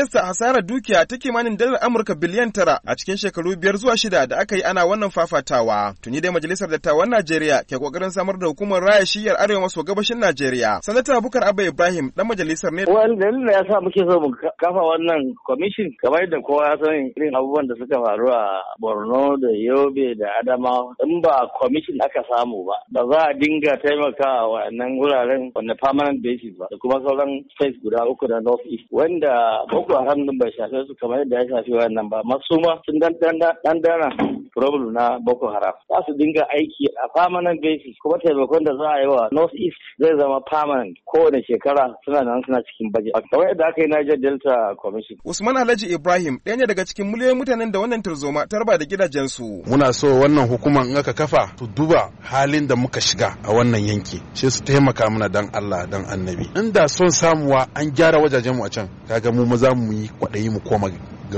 tilasta hasarar dukiya ta kimanin dalar Amurka biliyan tara a cikin shekaru biyar zuwa shida da aka yi ana wannan fafatawa. Tuni dai Majalisar Dattawan Najeriya ke kokarin samar da hukumar raya shiyar arewa maso gabashin Najeriya. Sanata Bukar Abba Ibrahim dan majalisar ne. Wani dalilin da ya sa muke so mu kafa wannan komishin kamar yadda kowa ya san irin abubuwan da suka faru a Borno da Yobe da adama in ba kwamishin aka samu ba ba za a dinga taimakawa wannan wuraren wanda permanent basis ba da kuma sauran states guda uku da North East wanda boko haram bai shafe su kamar yadda ya shafi wannan ba masu ma sun dandana problem na Boko Haram. Za su dinga aiki a permanent basis kuma taimakon da za a yi wa North East zai zama permanent kowane shekara suna nan suna cikin baje. Kamar yadda aka yi Niger Delta Commission. Usman Alhaji Ibrahim ɗaya ne daga cikin miliyoyin mutanen da wannan tarzoma ta raba da gidajensu. Muna so wannan hukumar in aka kafa su duba halin da muka shiga a wannan yanki. Sai su taimaka mana dan Allah dan Annabi. Inda son samuwa an gyara wajajen mu a can kaga mu maza mu yi kwaɗayi mu koma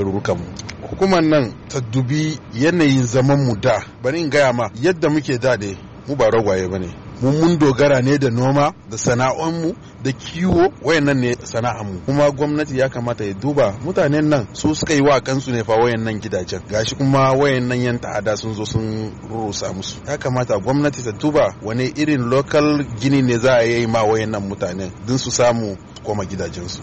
mu hukumar nan ta dubi yanayin zaman mu da bari in gaya ma yadda muke da dai mu ba ragwaye ba ne mun dogara ne da noma da mu da kiwo wayannan ne mu kuma gwamnati ya kamata ya duba mutanen nan su suka yi wa kansu ne fa wayannan gidajen gashi kuma wayannan yan ta'ada sun zo sun rusa musu ya kamata gwamnati ta duba wani irin local gini ne za a yi ma wayannan mutanen din su samu koma gidajensu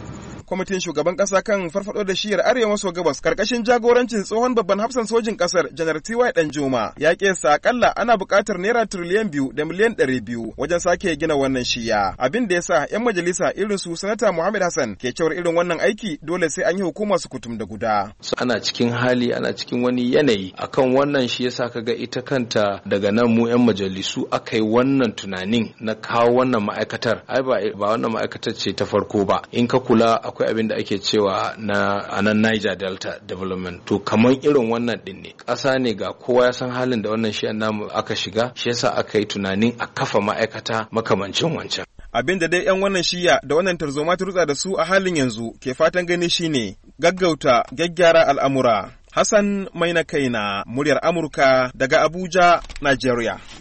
kwamitin shugaban Kasa kan farfaɗo da shiyar arewa maso gabas karkashin jagorancin tsohon babban hafsan sojin ƙasar janar ty danjuma ya kesa akalla ana buƙatar naira tiriliyan biyu da miliyan ɗari biyu wajen sake gina wannan shiya abin da yasa 'yan majalisa irin su sanata muhammad hassan ke cewar irin wannan aiki dole sai an yi hukuma su kutum da guda. ana cikin hali ana cikin wani yanayi akan wannan shi yasa ga ita kanta daga nan mu 'yan majalisu aka yi wannan tunanin na kawo wannan ma'aikatar ai ba wannan ma'aikatar ce ta farko ba in ka kula akwai abin da ake cewa na anan niger delta development to kamar irin wannan din ne ƙasa ne ga kowa ya san halin da wannan shiyan namu aka shiga shi yasa aka yi tunanin a kafa ma'aikata makamancin wancan abin da dai 'yan wannan shiya da wannan tarzoma ta rutsa da su a halin yanzu ke fatan gani shine gaggauta gyaggyara al'amura hassan mai na kaina muryar amurka daga abuja nigeria